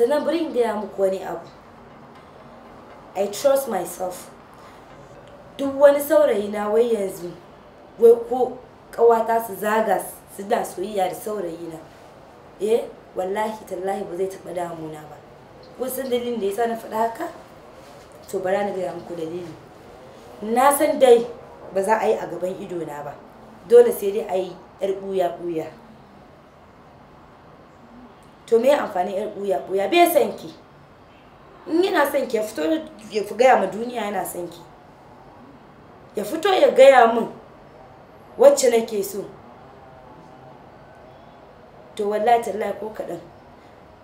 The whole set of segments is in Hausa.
sannan bari in gaya muku wani abu i trust myself duk wani saurayi na wai yanzu wai ko kawata su zaga su da soyayya da saurayi na eh wallahi tallahi ba zai taɓa damuna ba kun san dalilin da yasa na faɗa haka to bara na gaya muku dalili na san dai ba za a yi a gaban ido na ba dole sai dai a yi 'yar buya-buya. to me amfani yar buya buya bai san ki in yana san ki ya fito ya fi gaya ma duniya yana san ki ya fito ya gaya min wacce nake so to wallahi tallahi ko kaɗan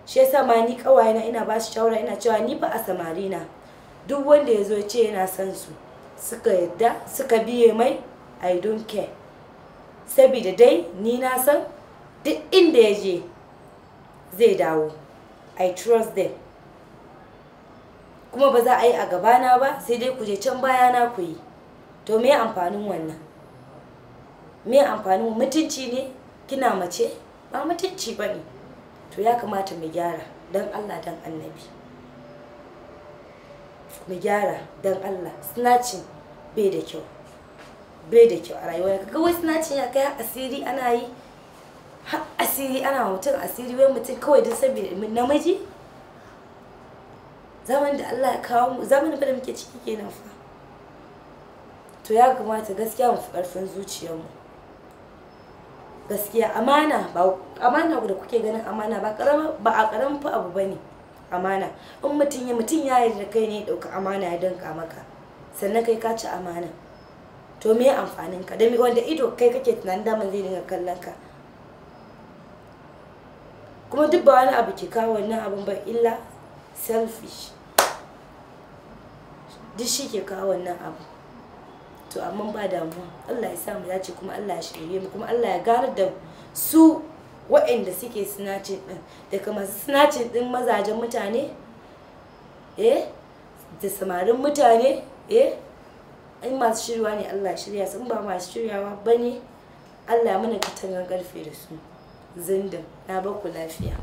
shi yasa ma ni ƙawayena ina ba su shawara ina cewa ni fa a samari na duk wanda ya zo ce yana san su suka yadda suka biye mai i don't care sabida dai ni na san duk inda ya je zai dawo i trust them kuma ba za a yi a gabana ba sai dai ku je can bayana ku yi to me amfanin wannan me amfanin mutunci ne kina mace ba mutunci ba ne to ya kamata mu gyara don allah don annabi mu gyara don allah snatching bai da kyau bai da kyau a rayuwa kawai wai snatching ya kai asiri ana yi asiri ana mutum asiri wai mutum kawai don saboda namiji zaman da Allah ya kawo mu zaman da muke ciki kenan fa to ya kamata gaskiya mu fi zuciyar zuciyarmu gaskiya amana ba amana da kuke ganin amana ba karama ba a karamin fa abu bane amana in mutum ya mutum ya yarda kai ne dauka amana ya danka maka sannan kai ka ci amana to me amfanin ka dan wanda ido kai kake tunanin da zai dinga kallon ka kuma duk ba wani abu ke kawo wannan abun ba illa selfish duk shi ke kawo wannan abu to amma ba damuwa Allah ya sa mu dace kuma Allah ya shirye mu kuma Allah ya gara da su waɗanda suke snatching din daga masu snatching din mazajen mutane eh da samarin mutane eh in masu shirwa ne Allah ya shirya sun ba masu shiryawa bane Allah ya mana katangan karfe da su zindin na baku lafiya